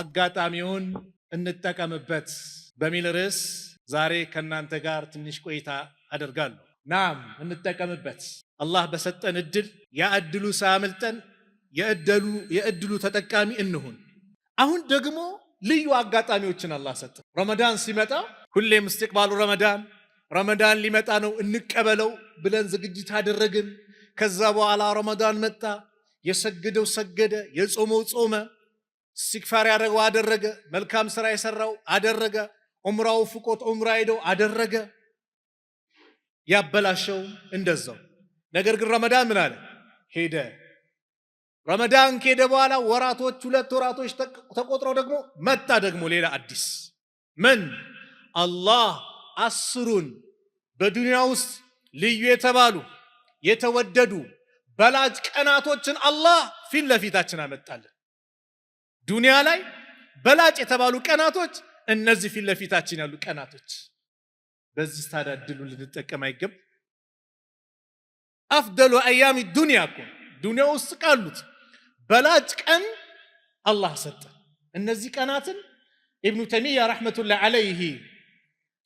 አጋጣሚውን እንጠቀምበት በሚል ርዕስ ዛሬ ከእናንተ ጋር ትንሽ ቆይታ አደርጋለሁ። ናም እንጠቀምበት። አላህ በሰጠን እድል ያ እድሉ ሳያመልጠን የእድሉ ተጠቃሚ እንሁን። አሁን ደግሞ ልዩ አጋጣሚዎችን አላህ ሰጠ። ረመዳን ሲመጣ ሁሌም እስትቅባሉ ረመዳን ረመዳን ሊመጣ ነው እንቀበለው ብለን ዝግጅት አደረግን። ከዛ በኋላ ረመዳን መጣ። የሰገደው ሰገደ፣ የጾመው ጾመ። ስቲክፋር ያደረገው አደረገ። መልካም ስራ የሰራው አደረገ። ዑምራው ፍቆት ዑምራ ሄደው አደረገ። ያበላሸው እንደዛው። ነገር ግን ረመዳን ምን አለ ሄደ። ረመዳን ከሄደ በኋላ ወራቶች ሁለት ወራቶች ተቆጥረው ደግሞ መጣ። ደግሞ ሌላ አዲስ ምን አላህ አስሩን በዱንያ ውስጥ ልዩ የተባሉ የተወደዱ በላጭ ቀናቶችን አላህ ፊት ለፊታችን አመጣለን። ዱንያ ላይ በላጭ የተባሉ ቀናቶች እነዚህ ፊት ለፊታችን ያሉ ቀናቶች። በዚህ ታዲያ እድሉን ልንጠቀም አይገብ። አፍደሉ አያሚ ዱንያ እኮ ዱንያ ውስጥ ካሉት በላጭ ቀን አላህ ሰጠ። እነዚህ ቀናትን ኢብኑ ተይሚያ ረሕመቱላህ አለይሂ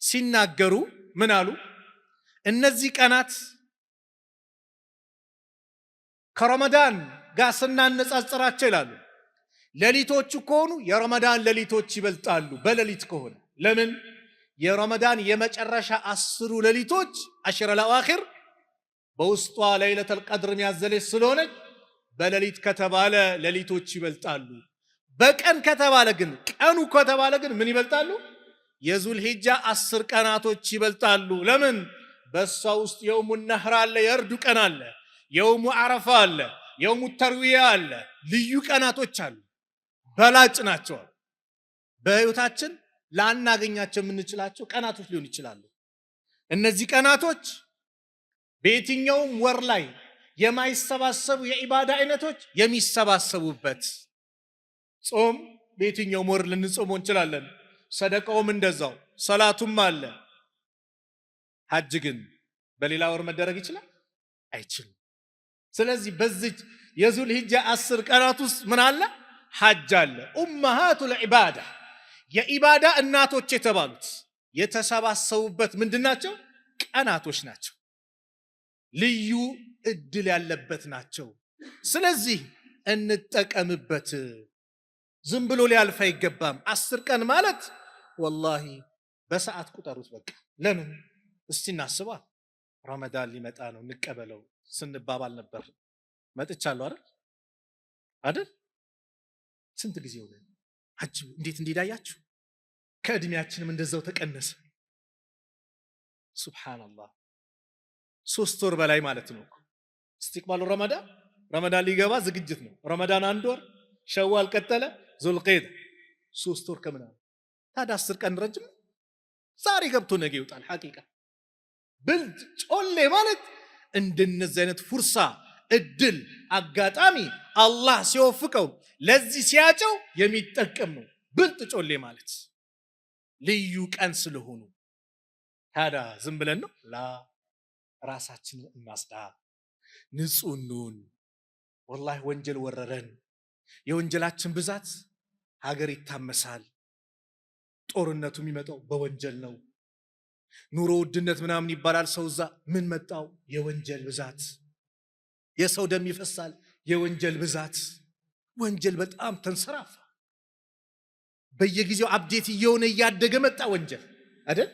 ሲናገሩ ምን አሉ? እነዚህ ቀናት ከረመዳን ጋር ስናነጻጽራቸው ይላሉ ሌሊቶቹ ከሆኑ የረመዳን ሌሊቶች ይበልጣሉ። በሌሊት ከሆነ ለምን? የረመዳን የመጨረሻ አስሩ ሌሊቶች አሽረ ለአዋኺር በውስጧ ለይለተል ቀድር ያዘለች ስለሆነች በሌሊት ከተባለ ሌሊቶች ይበልጣሉ። በቀን ከተባለ ግን ቀኑ ከተባለ ግን ምን ይበልጣሉ? የዙል ሂጃ አስር ቀናቶች ይበልጣሉ። ለምን? በእሷ ውስጥ የውሙ ነህር አለ፣ የእርዱ ቀን አለ፣ የውሙ አረፋ አለ፣ የውሙ ተርዊያ አለ፣ ልዩ ቀናቶች አሉ። በላጭ ናቸው። በህይወታችን ላናገኛቸው የምንችላቸው ቀናቶች ሊሆን ይችላሉ። እነዚህ ቀናቶች በየትኛውም ወር ላይ የማይሰባሰቡ የኢባዳ አይነቶች የሚሰባሰቡበት ጾም በየትኛውም ወር ልንጾም እንችላለን። ሰደቃውም እንደዛው፣ ሰላቱም አለ። ሀጅ ግን በሌላ ወር መደረግ ይችላል አይችልም። ስለዚህ በዚች የዙልሂጃ አስር ቀናት ውስጥ ምን አለ? ሐጅ አለ። ኡመሃቱል ዒባዳ የኢባዳ እናቶች የተባሉት የተሰባሰቡበት ምንድን ናቸው? ቀናቶች ናቸው። ልዩ እድል ያለበት ናቸው። ስለዚህ እንጠቀምበት። ዝም ብሎ ሊያልፍ አይገባም። አስር ቀን ማለት ወላሂ በሰዓት ቁጠሩት። በቃ ለምን እስቲ እናስባ። ረመዳን ሊመጣ ነው እንቀበለው ስንባባል ነበር። መጥቻለሁ አይደል አይደል ስንት ጊዜ ሆነ ሐጅ እንዴት እንዲዳያችሁ ከእድሜያችንም እንደዛው ተቀነሰ። ሱብሓነላህ ሶስት ወር በላይ ማለት ነው። እስቲቅባሉ ረመዳን ረመዳን ሊገባ ዝግጅት ነው። ረመዳን አንድ ወር፣ ሸዋል ቀጠለ፣ ዙልቀይዳ ሶስት ወር ከምናምን። ታዲያ አስር ቀን ረጅም ዛሬ ገብቶ ነገ ይውጣል ሐቂቃ ብልጥ ጮሌ ማለት እንደነዚህ አይነት ፉርሳ እድል፣ አጋጣሚ አላህ ሲወፍቀው ለዚህ ሲያጨው የሚጠቀም ነው። ብልጥ ጮሌ ማለት ልዩ ቀን ስለሆኑ ታዲያ ዝም ብለን ነው ላ ራሳችንን እናስዳ፣ ንጹህ እንሁን። ወላሂ ወንጀል ወረረን። የወንጀላችን ብዛት ሀገር ይታመሳል። ጦርነቱ የሚመጣው በወንጀል ነው። ኑሮ ውድነት ምናምን ይባላል። ሰው እዛ ምን መጣው? የወንጀል ብዛት የሰው ደም ይፈሳል። የወንጀል ብዛት ወንጀል በጣም ተንሰራፋ። በየጊዜው አብዴት እየሆነ እያደገ መጣ ወንጀል አይደል?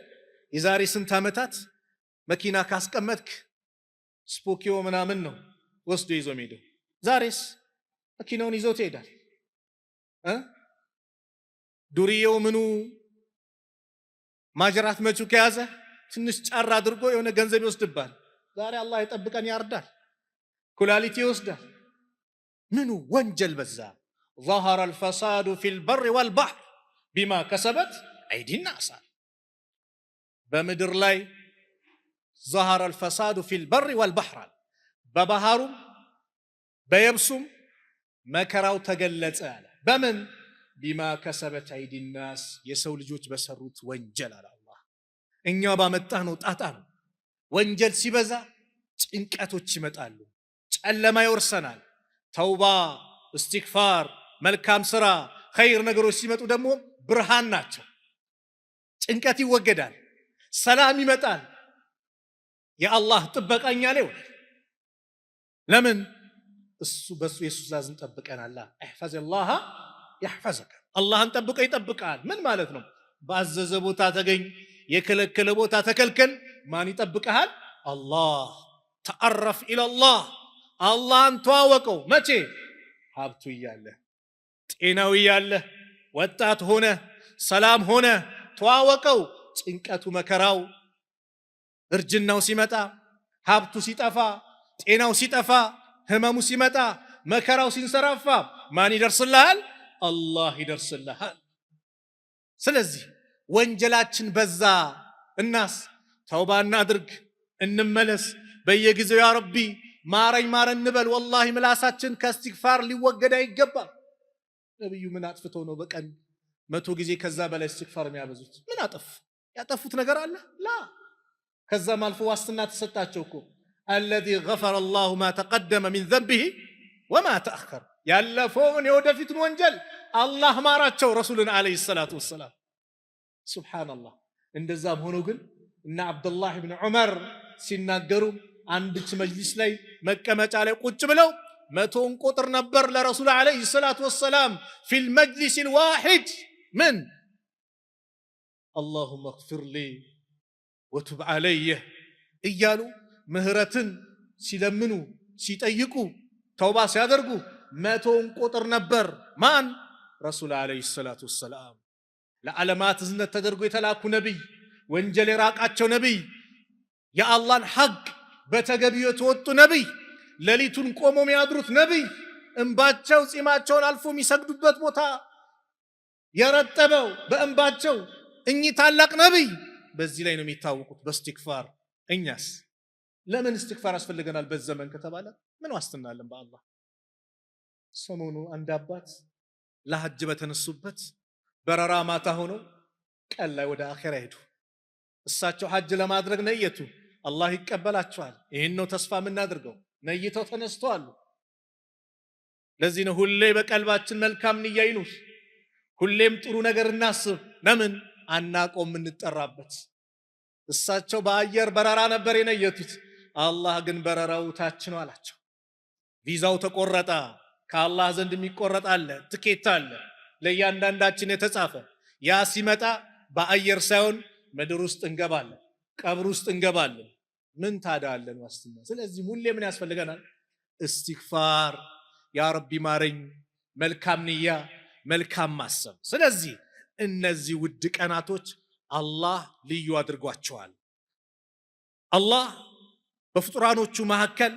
የዛሬ ስንት ዓመታት መኪና ካስቀመጥክ ስፖኪዮ ምናምን ነው ወስዶ ይዞ ሄደው። ዛሬስ መኪናውን ይዞ ትሄዳል። ዱርዬው ምኑ ማጅራት መቹ ከያዘ ትንሽ ጫር አድርጎ የሆነ ገንዘብ ይወስድባል። ዛሬ አላህ የጠብቀን ያርዳል። ኩላሊት ይወስዳል። ምኑ ወንጀል በዛ። ظهر الفساد في البر والبحر بما كسبت أيدي الناس በምድር ላይ ظهر الفساد في البر አለ በባህሩም በየብሱም መከራው ተገለጸ አለ። በምን ቢማ ከሰበት አይዲናስ የሰው ልጆች በሰሩት ወንጀል አለ አላህ። እኛ ባመጣ ነው ጣጣ ነው። ወንጀል ሲበዛ ጭንቀቶች ይመጣሉ። ጨለማ ይወርሰናል። ተውባ፣ እስትግፋር፣ መልካም ስራ፣ ኸይር ነገሮች ሲመጡ ደግሞ ብርሃን ናቸው። ጭንቀት ይወገዳል፣ ሰላም ይመጣል። የአላህ ጥበቃኛ ላይ ሆነ። ለምን እሱ በሱ የሱ ትእዛዝን ጠብቀናል። እሕፈዝ ላሃ ያሕፈዘከ አላህን ጠብቀ ይጠብቃል። ምን ማለት ነው? ባዘዘ ቦታ ተገኝ፣ የከለከለ ቦታ ተከልከል። ማን ይጠብቀሃል? አላህ ተአረፍ ኢለላህ አላህን ተዋወቀው። መቼ ሀብቱ እያለ ጤናው እያለ ወጣት ሆነ ሰላም ሆነ ተዋወቀው። ጭንቀቱ፣ መከራው፣ እርጅናው ሲመጣ፣ ሀብቱ ሲጠፋ፣ ጤናው ሲጠፋ፣ ህመሙ ሲመጣ፣ መከራው ሲንሰራፋ ማን ይደርስልሃል? አላህ ይደርስልሃል። ስለዚህ ወንጀላችን በዛ። እናስ ተውባ እናድርግ፣ እንመለስ በየጊዜው ያ ረቢ ማረኝ ማረን እንበል። ወላሂ ምላሳችን ከእስትግፋር ሊወገድ አይገባም። ነብዩ ምን አጥፍቶ ነው በቀን መቶ ጊዜ ከዛ በላይ እስትግፋር የሚያበዙት? ምን አጠፉ? ያጠፉት ነገር አለ ላ ከዛም አልፎ ዋስትና ተሰጣቸው እኮ አለዚ ገፈረ ላሁ ማ ተቀደመ ሚን ዘንቢሂ ወማ ተአኸር፣ ያለፈውን የወደፊቱን ወንጀል አላህ ማራቸው ረሱልን ዓለይሂ ሰላቱ ወሰላም። ሱብሓነላህ። እንደዛም ሆኖ ግን እነ አብዱላህ ብን ዑመር ሲናገሩ አንድች መጅሊስ ላይ መቀመጫ ላይ ቁጭ ብለው መቶን ቁጥር ነበር ለረሱል ዓለይሂ ሰላቱ ወሰላም ፊል መጅሊስ ልዋሒድ ምን አላሁመ እግፊርሊ ወቱብ ዓለይህ እያሉ ምህረትን ሲለምኑ ሲጠይቁ ተውባ ሲያደርጉ መቶን ቁጥር ነበር ማን ረሱል ዓለይሂ ሰላቱ ወሰላም ለዓለማት እዝነት ተደርጎ የተላኩ ነቢይ ወንጀል የራቃቸው ነቢይ የአላህን ሐቅ በተገቢው የተወጡ ነቢይ፣ ሌሊቱን ቆሞ የሚያድሩት ነቢይ፣ እንባቸው ጺማቸውን አልፎ የሚሰግዱበት ቦታ የረጠበው በእንባቸው እኚህ ታላቅ ነቢይ በዚህ ላይ ነው የሚታወቁት፣ በእስትግፋር። እኛስ ለምን እስትግፋር ያስፈልገናል በዘመን ከተባለ ምን ዋስትና በአላህ? ሰሞኑ አንድ አባት ለሐጅ በተነሱበት በረራ ማታ ሆነው ቀን ላይ ወደ አኼራ ሄዱ። እሳቸው ሐጅ ለማድረግ ነየቱ አላህ ይቀበላቸዋል ይህን ነው ተስፋ የምናደርገው። ነይተው ተነስቶ አሉ። ለዚህ ነው ሁሌ በቀልባችን መልካም ንያ ይኑር፣ ሁሌም ጥሩ ነገር እናስብ። ለምን አናቆም የምንጠራበት። እሳቸው በአየር በረራ ነበር የነየቱት። አላህ ግን በረራው ታች ነው አላቸው። ቪዛው ተቆረጠ። ከአላህ ዘንድ የሚቆረጥ አለ፣ ትኬት አለ ለእያንዳንዳችን የተጻፈ። ያ ሲመጣ በአየር ሳይሆን ምድር ውስጥ እንገባለን፣ ቀብር ውስጥ እንገባለን። ምን ታዳ አለን ዋስትና? ስለዚህ ሁሌ ምን ያስፈልገናል? እስትግፋር፣ ያ ረቢ ማረኝ፣ መልካም ንያ፣ መልካም ማሰብ። ስለዚህ እነዚህ ውድ ቀናቶች አላህ ልዩ አድርጓቸዋል። አላህ በፍጡራኖቹ መካከል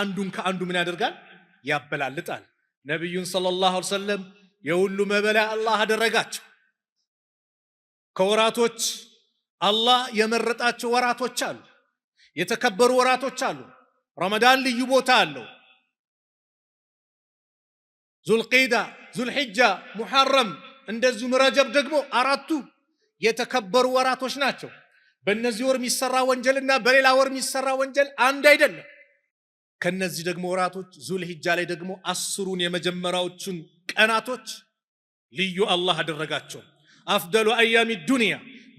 አንዱን ከአንዱ ምን ያደርጋል? ያበላልጣል። ነቢዩን ሰለላሁ ዐለይሂ ወሰለም የሁሉ መበላ አላህ አደረጋቸው። ከወራቶች አላህ የመረጣቸው ወራቶች አሉ የተከበሩ ወራቶች አሉ። ረመዳን ልዩ ቦታ አለው። ዙልቂዳ፣ ዙልሂጃ ሙሐረም እንደዚሁም ረጀብ ደግሞ አራቱ የተከበሩ ወራቶች ናቸው። በእነዚህ ወር የሚሰራ ወንጀል እና በሌላ ወር የሚሰራ ወንጀል አንድ አይደለም። ከነዚህ ደግሞ ወራቶች ዙልሂጃ ላይ ደግሞ አስሩን የመጀመሪያዎቹን ቀናቶች ልዩ አላህ አደረጋቸው። አፍደሉ አያሚ ዱንያ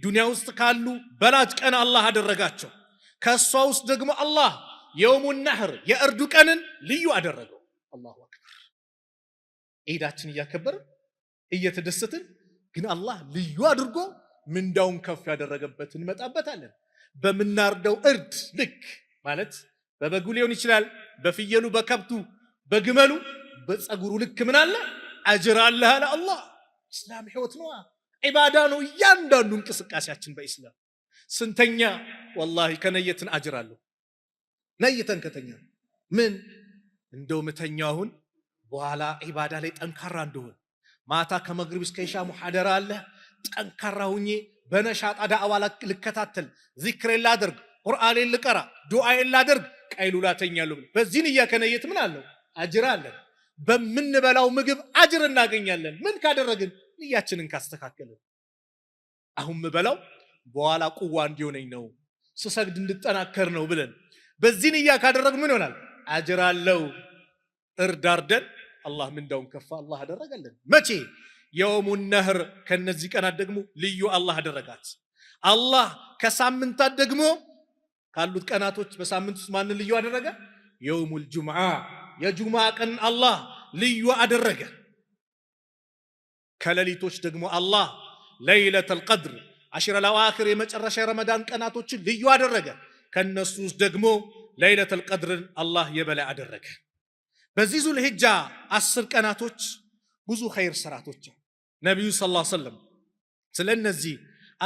ዱንያ ውስጥ ካሉ በላጭ ቀን አላህ አደረጋቸው። ከእሷ ውስጥ ደግሞ አላህ የውሙ ነህር የእርዱ ቀንን ልዩ አደረገው። አላሁ አክበር። ኢዳችን እያከበርን እየተደሰትን ግን አላህ ልዩ አድርጎ ምንዳውን ከፍ ያደረገበት እንመጣበታለን። በምናርደው እርድ ልክ ማለት በበጉ ሊሆን ይችላል፣ በፍየሉ፣ በከብቱ፣ በግመሉ፣ በፀጉሩ ልክ ምን አለ አጅር አለ አለ አላህ። ኢስላም ህይወት ነዋ፣ ዒባዳ ነው እያንዳንዱ እንቅስቃሴያችን በኢስላም ስንተኛ ወላሂ ከነየትን አጅር አለሁ። ነይተን ከተኛ ምን እንደው ምተኛው አሁን በኋላ ኢባዳ ላይ ጠንካራ እንደሆን ማታ ከመግሪብ እስከ ኢሻ ሙሐደራ አለ። ጠንካራ ሁኜ በነሻጣ ዳዕዋ ልከታተል፣ ዚክሬን ላደርግ፣ ቁርአኔን ልቀራ፣ ዱዓዬን ላደርግ፣ ቀይሉላ ተኛለሁ። በዚህ ንያ ከነየት ምን አለው አጅር አለን። በምንበላው ምግብ አጅር እናገኛለን። ምን ካደረግን ንያችንን ካስተካከልን አሁን ምበላው በኋላ ቁዋ እንዲሆነኝ ነው ስሰግድ እንድጠናከር ነው ብለን በዚህን እያ ካደረግ ምን ይሆናል? አጅር አለው። እርድ አርደን አላህ ምንዳውን ከፋ አላህ አደረገልን። መቼ የውሙ ነህር ከነዚህ ቀናት ደግሞ ልዩ አላህ አደረጋት። አላህ ከሳምንታት ደግሞ ካሉት ቀናቶች በሳምንት ውስጥ ማንን ልዩ አደረገ? የውሙ ልጁምዓ የጁምዓ ቀን አላህ ልዩ አደረገ። ከሌሊቶች ደግሞ አላህ ለይለተል ቀድር አሽረል አዋኺር የመጨረሻ የረመዳን ቀናቶችን ልዩ አደረገ። ከነሱ ውስጥ ደግሞ ለይለተል ቀድርን አላህ የበላይ አደረገ። በዚህ ዙል ሂጃ አስር ቀናቶች ብዙ ኸይር ስራቶች ነቢዩ ሰለላሁ ዐለይሂ ወሰለም ስለ እነዚህ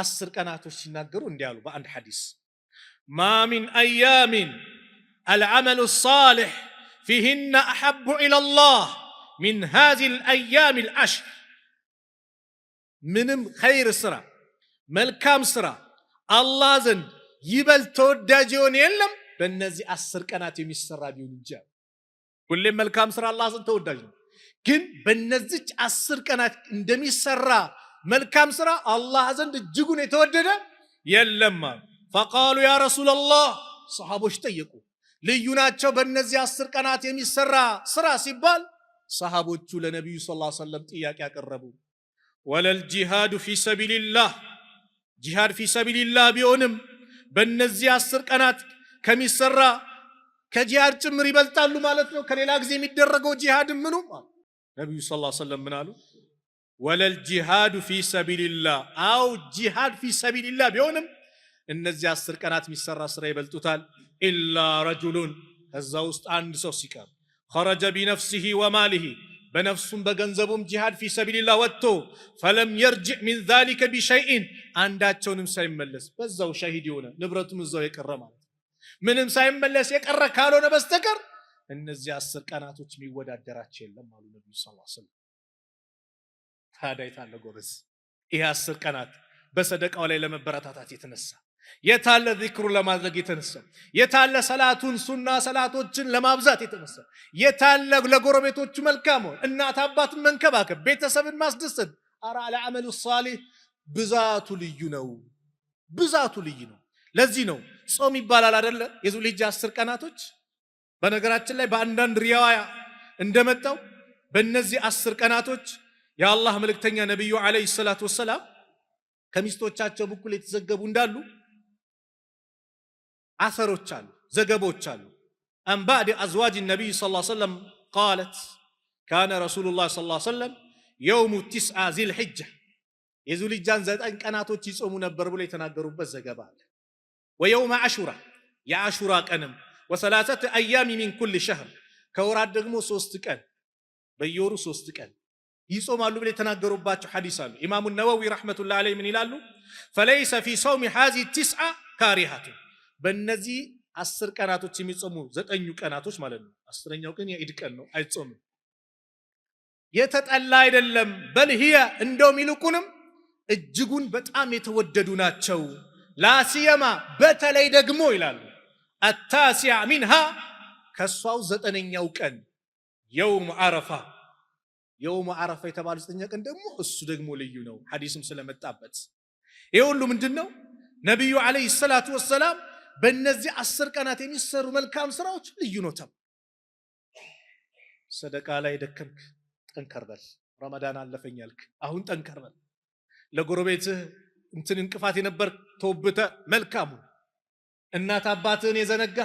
አስር ቀናቶች ሲናገሩ እንዲህ አሉ። በአንድ ሐዲስ ማ ሚን አያሚን አልዓመሉ ሳሊሕ ፊህነ አሐቡ ኢለላህ ሚን ሃዚሂል አያሚል አሽር ምንም ኸይር ስራ መልካም ስራ አላህ ዘንድ ይበልጥ ተወዳጅ የሆነ የለም በእነዚህ አስር ቀናት የሚሰራ ቢሆን እንጂ። ሁሌም መልካም ስራ አላህ ዘንድ ተወዳጅ ነው። ግን በእነዚች አስር ቀናት እንደሚሰራ መልካም ስራ አላህ ዘንድ እጅጉን የተወደደ የለም። ፈቃሉ ያ ረሱላላህ ሰሃቦች ጠየቁ። ልዩ ናቸው በእነዚህ አስር ቀናት የሚሰራ ስራ ሲባል ሰሃቦቹ ለነቢዩ ስ ዐለይሂ ጥያቄ አቀረቡ። ወለል ጂሃዱ ፊ ሰቢልላህ ጂሃድ ፊ ሰቢልላህ ቢሆንም በእነዚህ አስር ቀናት ከሚሰራ ከጂሃድ ጭምር ይበልጣሉ ማለት ነው። ከሌላ ጊዜ የሚደረገው ጂሃድ ምኑ ነቢዩ ስ ሰለም ምን አሉ? ወለል ጂሃዱ ፊ ሰቢልላህ አው ጂሃድ ፊ ሰቢልላህ ቢሆንም እነዚህ አስር ቀናት የሚሰራ ስራ ይበልጡታል። ኢላ ረጁሉን ከዛ ውስጥ አንድ ሰው ሲቀር ኸረጀ ቢነፍሲሂ ወማሊሂ በነፍሱም በገንዘቡም ጂሃድ ፊ ሰቢልላህ ወጥቶ ፈለም የርጅዕ ሚን ዛሊከ ቢሸይኢን አንዳቸውንም ሳይመለስ በዛው ሻሂድ የሆነ ንብረቱም እዛው የቀረ ማለት ምንም ሳይመለስ የቀረ ካልሆነ በስተቀር እነዚህ አስር ቀናቶች የሚወዳደራቸው የለም አሉ ነቢዩ ስ ስለም። ታዲያ የታለ ጎበዝ? ይህ አስር ቀናት በሰደቃው ላይ ለመበረታታት የተነሳ የታለ ዚክሩ ለማድረግ የተነሳ የታለ ሰላቱን ሱና ሰላቶችን ለማብዛት የተነሳ የታለ ለጎረቤቶቹ መልካም ሆን እናት አባትን መንከባከብ ቤተሰብን ማስደሰት አራ ለአመሉ ሳሌህ ብዛቱ ልዩ ነው። ብዛቱ ልዩ ነው። ለዚህ ነው ጾም ይባላል አደለ? የዙልሂጃ አስር ቀናቶች በነገራችን ላይ በአንዳንድ ሪዋያ እንደመጣው በእነዚህ አስር ቀናቶች የአላህ መልእክተኛ ነቢዩ ዓለይሂ ሰላቱ ወሰላም ከሚስቶቻቸው በኩል የተዘገቡ እንዳሉ አሰሮች አሉ፣ ዘገቦች አሉ። አን ባዕድ አዝዋጅ ነቢይ ስ ሰለም ቃለት ካነ ረሱሉላህ ላ ስ ሰለም የውሙ ቲስዓ ዚልሕጃ የዙልጃን ዘጠኝ ቀናቶች ይጾሙ ነበር ብሎ የተናገሩበት ዘገባ አለ። ወየውመ አሹራ የአሹራ ቀንም ወሰላሰተ አያሚ ሚን ኩል ሸህር ከወራት ደግሞ ሶስት ቀን በየወሩ ሶስት ቀን ይጾማሉ ብሎ የተናገሩባቸው ሐዲስ አሉ። ኢማሙ ነወዊ ረሕመቱላህ ዓለይ ምን ይላሉ? ፈለይሰ ፊ ሰውሚ ሃዚ ቲስዓ ካሪሃቱን? በእነዚህ አስር ቀናቶች የሚጾሙ ዘጠኙ ቀናቶች ማለት ነው። አስረኛው ቀን የኢድ ቀን ነው፣ አይጾምም። የተጠላ አይደለም። በልህያ እንደውም ይልቁንም እጅጉን በጣም የተወደዱ ናቸው። ላሲየማ በተለይ ደግሞ ይላሉ አታሲያ ሚንሃ ከእሷው ዘጠነኛው ቀን የውም አረፋ የውም አረፋ የተባለ ዘጠኛ ቀን ደግሞ እሱ ደግሞ ልዩ ነው፣ ሐዲስም ስለመጣበት ይህ ሁሉ ምንድን ነው ነቢዩ ዓለይሂ ሰላቱ ወሰላም በእነዚህ አስር ቀናት የሚሰሩ መልካም ስራዎች ልዩ ነው ተብሎ ሰደቃ ላይ ደከምክ፣ ጠንከር በል። ረመዳን አለፈኝ አሁን ጠንከር በል። ለጎረቤትህ እንትን እንቅፋት የነበር ተወብተ መልካሙ እናት አባትህን የዘነጋ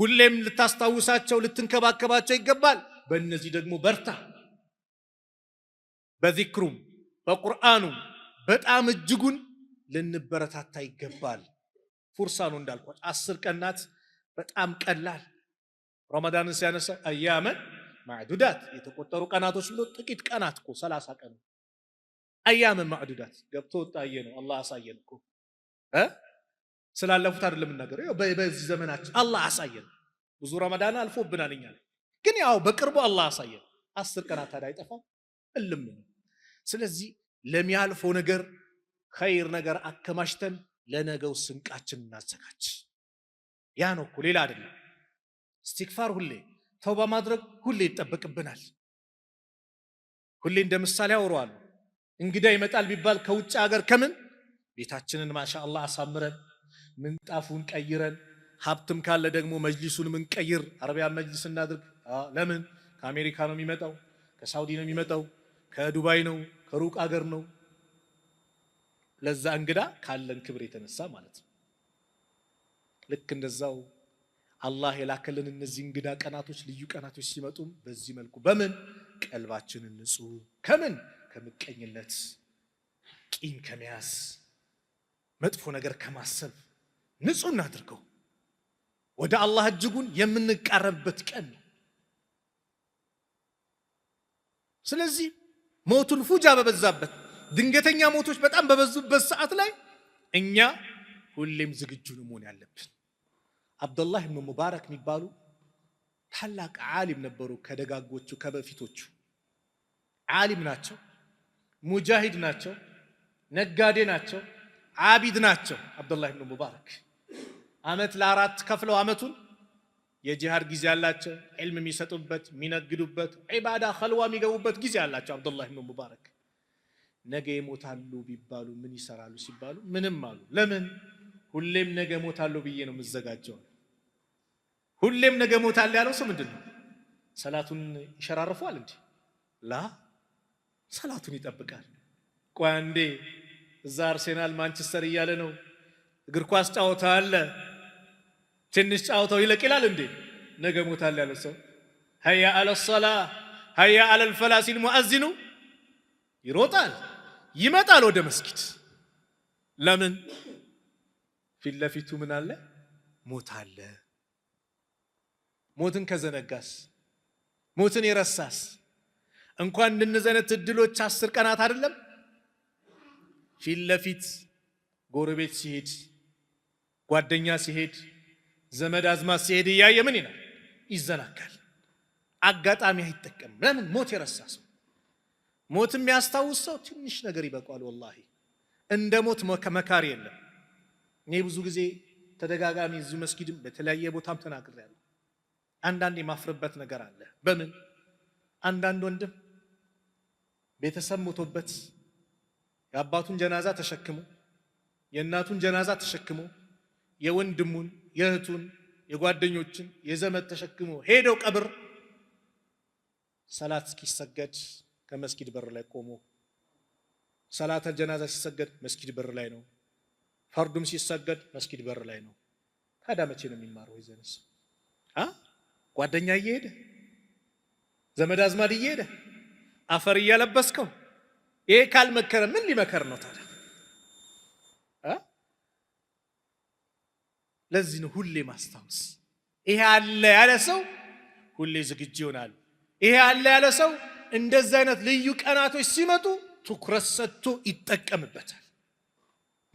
ሁሌም ልታስታውሳቸው ልትንከባከባቸው ይገባል። በእነዚህ ደግሞ በርታ። በዚክሩም በቁርአኑም በጣም እጅጉን ልንበረታታ ይገባል። ፉርሳ ነው እንዳልኳች አስር ቀናት በጣም ቀላል ረመዳንን ሲያነሳ አያመን ማዕዱዳት የተቆጠሩ ቀናቶች ብሎ ጥቂት ቀናት እኮ ሰላሳ ቀን አያመን ማዕዱዳት ገብቶ ወጣየ ነው አላህ አሳየን እኮ ስላለፉት አይደለም የምናገረው በዚህ ዘመናችን አላህ አሳየን ብዙ ረመዳን አልፎብናል እኛ ግን ያው በቅርቡ አላህ አሳየን አስር ቀናት ታዲያ አይጠፋም እልም ስለዚህ ለሚያልፈው ነገር ኸይር ነገር አከማሽተን ለነገው ስንቃችን እናዘጋጅ። ያ ነው እኮ ሌላ አይደለም። ስቲክፋር ሁሌ ተውባ ማድረግ ሁሌ ይጠበቅብናል። ሁሌ እንደ ምሳሌ አውረዋሉ። እንግዳ ይመጣል ቢባል ከውጭ ሀገር ከምን ቤታችንን ማሻአላ አሳምረን ምንጣፉን ቀይረን ሀብትም ካለ ደግሞ መጅሊሱን ምንቀይር አረቢያን መጅሊስ እናድርግ። ለምን ከአሜሪካ ነው የሚመጣው? ከሳውዲ ነው የሚመጣው? ከዱባይ ነው? ከሩቅ አገር ነው? ለዛ እንግዳ ካለን ክብር የተነሳ ማለት ነው። ልክ እንደዛው አላህ የላከልን እነዚህ እንግዳ ቀናቶች፣ ልዩ ቀናቶች ሲመጡም በዚህ መልኩ በምን ቀልባችንን ንጹህ ከምን ከምቀኝነት፣ ቂም ከመያዝ፣ መጥፎ ነገር ከማሰብ ንጹህ እናድርገው። ወደ አላህ እጅጉን የምንቃረብበት ቀን ነው። ስለዚህ ሞቱን ፉጃ በበዛበት ድንገተኛ ሞቶች በጣም በበዙበት ሰዓት ላይ እኛ ሁሌም ዝግጁ ነው መሆን ያለብን። አብደላህ ብን ሙባረክ የሚባሉ ታላቅ ዓሊም ነበሩ። ከደጋጎቹ ከበፊቶቹ ዓሊም ናቸው፣ ሙጃሂድ ናቸው፣ ነጋዴ ናቸው፣ አቢድ ናቸው። አብደላህ ብን ሙባረክ አመት ለአራት ከፍለው አመቱን የጂሃድ ጊዜ አላቸው፣ ዕልም የሚሰጡበት፣ የሚነግዱበት፣ ዒባዳ ኸልዋ የሚገቡበት ጊዜ አላቸው። አብደላህ ብን ሙባረክ ነገ ይሞታሉ ቢባሉ ምን ይሰራሉ ሲባሉ ምንም አሉ። ለምን ሁሌም ነገ ሞታሉ ብዬ ነው የምዘጋጀው። ሁሌም ነገ ሞታል ያለው ሰው ምንድን ነው? ሰላቱን ይሸራርፈዋል እንዴ? ላ ሰላቱን ይጠብቃል። ቆይ አንዴ እዛ አርሴናል ማንቸስተር እያለ ነው እግር ኳስ ጫወታ አለ ትንሽ ጫወታው ይለቅ ይላል እንዴ? ነገ ሞታል ያለው ሰው ሀያ አለ ሰላ ሀያ አለልፈላ ሲል ሙአዚኑ ይሮጣል። ይመጣል ወደ መስጊድ። ለምን ፊት ለፊቱ ምን አለ? ሞት አለ። ሞትን ከዘነጋስ ሞትን የረሳስ እንኳን እንደነዚህ አይነት እድሎች አስር ቀናት አይደለም ፊት ለፊት ጎረቤት ሲሄድ ጓደኛ ሲሄድ ዘመድ አዝማት ሲሄድ እያየ ምን ይላል? ይዘናጋል። አጋጣሚ አይጠቀምም። ለምን ሞት የረሳስ ሞት የሚያስታውስ ሰው ትንሽ ነገር ይበቋል። ወላሂ እንደ ሞት መካር የለም። እኔ ብዙ ጊዜ ተደጋጋሚ እዚሁ መስጊድም በተለያየ ቦታም ተናግሬያለሁ። አንዳንድ የማፍርበት ነገር አለ። በምን አንዳንድ ወንድም ቤተሰብ ሞቶበት የአባቱን ጀናዛ ተሸክሞ የእናቱን ጀናዛ ተሸክሞ የወንድሙን የእህቱን የጓደኞችን የዘመድ ተሸክሞ ሄደው ቀብር ሰላት እስኪሰገድ ከመስጊድ በር ላይ ቆሞ ሰላተል ጀናዛ ሲሰገድ መስጊድ በር ላይ ነው። ፈርዱም ሲሰገድ መስጊድ በር ላይ ነው። ታዲያ መቼ ነው የሚማረው? ይዘንስ አ ጓደኛ እየሄደ ዘመድ አዝማድ እየሄደ አፈር እያለበስከው ይሄ ካልመከረ ምን ሊመከር ነው ታዲያ? ለዚህ ነው ሁሌ ማስታወስ። ይሄ አለ ያለ ሰው ሁሌ ዝግጁ ይሆናል። ይሄ አለ ያለ ሰው እንደዚህ አይነት ልዩ ቀናቶች ሲመጡ ትኩረት ሰጥቶ ይጠቀምበታል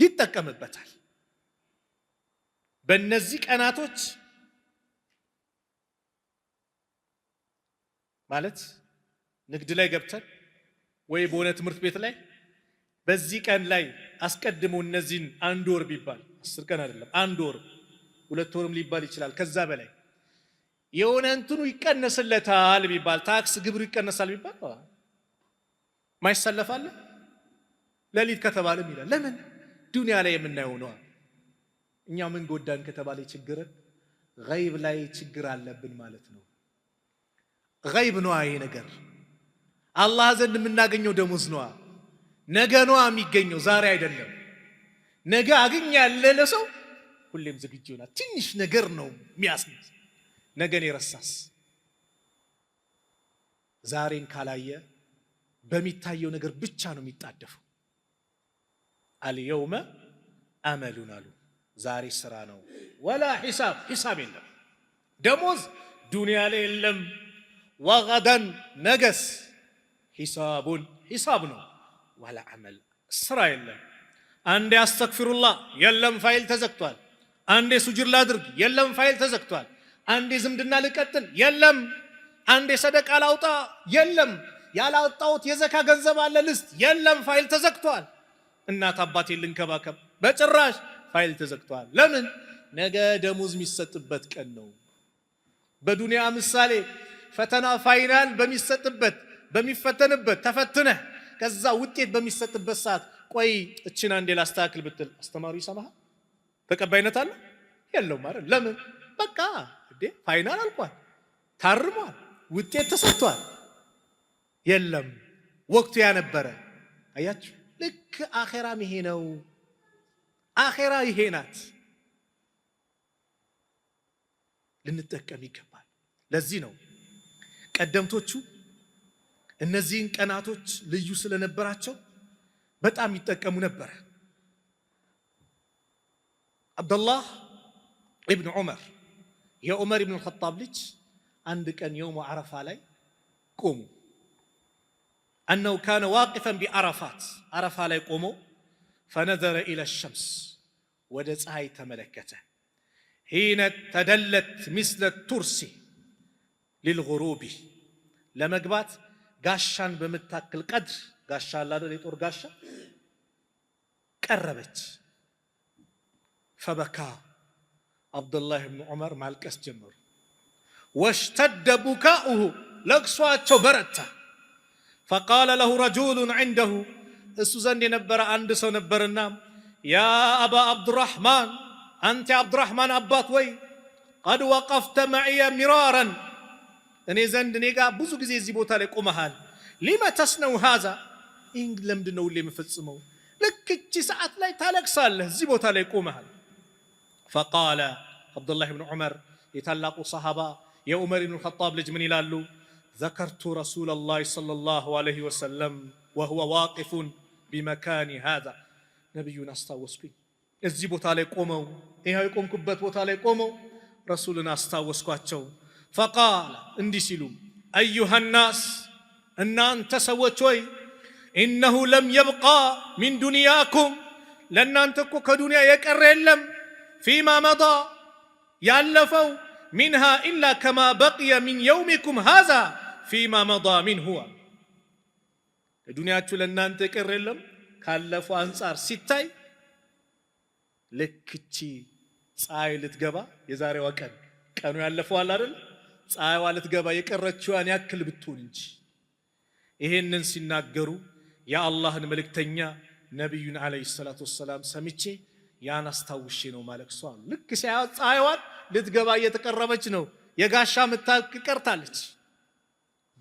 ይጠቀምበታል። በእነዚህ ቀናቶች ማለት ንግድ ላይ ገብተን ወይ በሆነ ትምህርት ቤት ላይ በዚህ ቀን ላይ አስቀድሞ እነዚህን አንድ ወር ቢባል አስር ቀን አይደለም አንድ ወር ሁለት ወርም ሊባል ይችላል ከዛ በላይ የሆነ እንትኑ ይቀነስለታል ቢባል ታክስ ግብሩ ይቀነሳል ቢባል ማይሰለፋለ ለሊት ከተባለም ይላል። ለምን ዱንያ ላይ የምናየው ነው። እኛ ምን ጎዳን ከተባለ ችግርን ገይብ ላይ ችግር አለብን ማለት ነው። ገይብ ነዋ ይሄ ነገር አላህ ዘንድ የምናገኘው ደሞዝ ነዋ። ነገ ነዋ የሚገኘው ዛሬ አይደለም። ነገ አግኛለሁ ለሰው ሁሌም ዝግጅ ይሆናል። ትንሽ ነገር ነው የሚያስነሳ ነገን የረሳስ ዛሬን ካላየ በሚታየው ነገር ብቻ ነው የሚጣደፈው። አልየውመ አመሉን አሉ ዛሬ ስራ ነው፣ ወላ ሒሳብ ሒሳብ የለም ደሞዝ ዱንያ ላይ የለም። ወገደን ነገስ ሒሳቡን ሒሳብ ነው፣ ወላ አመል ስራ የለም። አንዴ አስተግፊሩላህ የለም ፋይል ተዘግቷል። አንዴ ሱጁድ ላድርግ የለም ፋይል ተዘግቷል። አንዴ ዝምድና ልቀጥል የለም፣ አንዴ ሰደቃ ላውጣ የለም፣ ያላወጣሁት የዘካ ገንዘብ አለ ልስት የለም፣ ፋይል ተዘግቷል። እናት አባቴ ልንከባከብ በጭራሽ ፋይል ተዘግቷል። ለምን? ነገ ደሞዝ የሚሰጥበት ቀን ነው። በዱንያ ምሳሌ ፈተና ፋይናል በሚሰጥበት በሚፈተንበት ተፈትነህ ከዛ ውጤት በሚሰጥበት ሰዓት ቆይ እችን አንዴ ላስተካክል ብትል አስተማሪ ይሰማሃል? ተቀባይነት አለ የለውም? አይደል? ለምን በቃ እንዴ ፋይናል አልቋል፣ ታርሟል፣ ውጤት ተሰጥቷል። የለም ወቅቱ ያነበረ አያችሁ። ልክ አኼራም ይሄ ነው። አኼራ ይሄ ናት። ልንጠቀም ይገባል። ለዚህ ነው ቀደምቶቹ እነዚህን ቀናቶች ልዩ ስለነበራቸው በጣም ይጠቀሙ ነበረ። አብደላህ ኢብን ዑመር يا عمر بن الخطاب ليج عندك ان يوم عرفه علي قوم انه كان واقفا بعرفات عرفه علي قوم فنظر الى الشمس ودى صحي تملكته حين تدلت مثل الترسي للغروب لمقبات غاشان بمتاكل قدر غاشا لا يطور غاشا قربت فبكى አብዱላህ ብኑ ዑመር ማልቀስ ጀመሩ። ወሽተደ ቡካኡሁ ለቅሷቸው በረታ። ፈቃለ ለሁ ረጁሉን ዐንደሁ እሱ ዘንድ የነበረ አንድ ሰው ነበርና ያ አባ አብዱራሕማን አንተ አብዱራሕማን አባት ወይ ቀድ ወቀፍተ መዕየ ሚራረን እኔ ዘንድ እኔ ጋር ብዙ ጊዜ እዚህ ቦታ ላይ ቆመሃል። ሊመ ተስነው ሃዛ ይህን ለምንድን ነው ሁሌ የምፈጽመው? ልክ እቺ ሰዓት ላይ ታለቅሳለህ፣ እዚህ ቦታ ላይ ቆመሃል ፈቃለ አብዱላህ ብን ዑመር የታላቁ ሰሃባ የዑመር ብን ኸጣብ ልጅ ምን ይላሉ? ዘከርቱ ረሱለላህ ሰለላሁ ዐለይሂ ወሰለም ወሁወ ዋቂፉን ቢመካኒ ሃዛ ነቢዩን አስታወስኩኝ። እዚህ ቦታ ላይ ቆመው ይኸው የቆምኩበት ቦታ ላይ ቆመው ረሱልን አስታወስኳቸው። ፈቃለ እንዲህ ሲሉ አዩሃ እናንተ ሰዎች ሆይ ኢነሁ ለም የብቃ ሚን ዱንያኩም ለእናንተ እኮ ከዱንያ የቀረ የለም ፊማ መዳ ያለፈው ሚንሃ ኢላ ከማ በቅየ ሚን የውሚኩም ሃዛ ፊማ መዳ ሚንሁ ለዱንያችሁ ለእናንተ ቅር የለም ካለፈው አንጻር ሲታይ ልክቺ ፀሐይ ልትገባ የዛሬዋ ቀን ቀኑ ያለፈዋል አይደል? ፀሐይዋ ልትገባ የቀረችዋን ያክል ብትሆን እንጂ። ይሄንን ሲናገሩ የአላህን መልእክተኛ ነቢዩን ዓለይሂ ሰላቱ ወሰላም ሰምቼ ያን አስታውሼ ነው ማለቅሷ። ልክ ሲያያት ፀሐይዋን ልትገባ እየተቀረበች ነው። የጋሻ ምታክ ቀርታለች።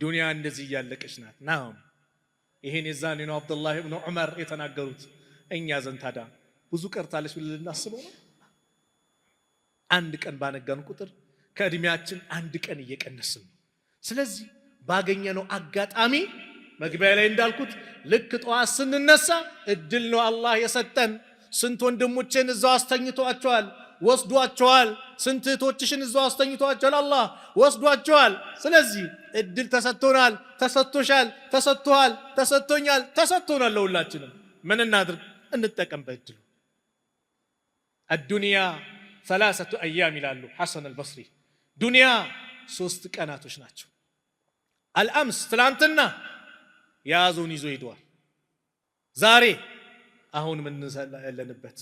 ዱንያ እንደዚህ እያለቀች ናት። ናም ይሄን የዛኔ ነው አብዱላህ ብኑ ዑመር የተናገሩት። እኛ ዘንድ ታዲያ ብዙ ቀርታለች ብለን ልናስበው ነው። አንድ ቀን ባነጋን ቁጥር ከእድሜያችን አንድ ቀን እየቀነስን ነው። ስለዚህ ባገኘነው አጋጣሚ መግቢያ ላይ እንዳልኩት ልክ ጠዋት ስንነሳ እድል ነው አላህ የሰጠን ስንት ወንድሞቼን እዛው አስተኝቷቸዋል፣ ወስዷቸዋል። ስንት እህቶችሽን እዛው አስተኝቷቸዋል፣ አላህ ወስዷቸዋል። ስለዚህ እድል ተሰጥቶናል፣ ተሰጥቶሻል፣ ተሰጥቶሃል፣ ተሰጥቶኛል፣ ተሰጥቶናል። ለሁላችንም ምን እናድርግ? እንጠቀም በእድሉ። አዱንያ ሰላሰቱ አያም ይላሉ ሐሰን አልበስሪ። ዱንያ ሶስት ቀናቶች ናቸው። አልአምስ ትላንትና የያዘውን ይዞ ሄደዋል። ዛሬ አሁን ምንሰላ ያለንበት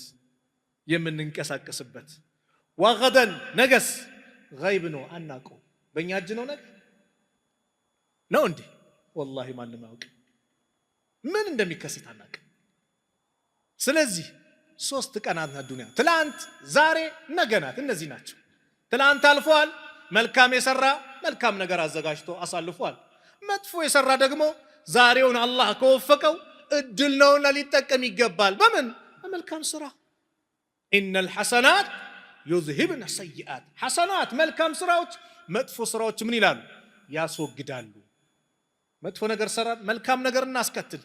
የምንንቀሳቀስበት ዋገደን ነገስ ገይብ ነው አናውቀው። በእኛ እጅ ነው ነገ ነው እንዴ? ወላሂ ማንም አያውቅ፣ ምን እንደሚከሰት አናውቅ። ስለዚህ ሶስት ቀናት ናት ዱንያ፣ ትላንት፣ ዛሬ፣ ነገ ናት። እነዚህ ናቸው። ትላንት አልፏል። መልካም የሰራ መልካም ነገር አዘጋጅቶ አሳልፏል። መጥፎ የሰራ ደግሞ ዛሬውን አላህ ከወፈቀው እድል ነውና ሊጠቀም ይገባል። በምን በመልካም ስራ። ኢነል ሐሰናት ዩዝሂብነ ሰይአት፣ ሐሰናት መልካም ስራዎች መጥፎ ስራዎች ምን ይላሉ? ያስወግዳሉ። መጥፎ ነገር ሰራን መልካም ነገር እናስከትል።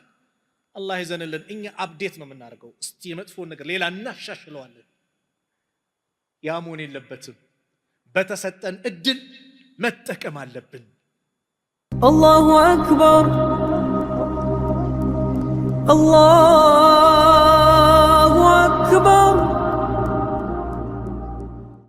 አላህ ይዘንልን። እኛ አብዴት ነው የምናደርገው። እስቲ የመጥፎን ነገር ሌላ እናሻሽለዋለን። ያ መሆን የለበትም። በተሰጠን እድል መጠቀም አለብን። አላሁ አክበር Allah Akbar.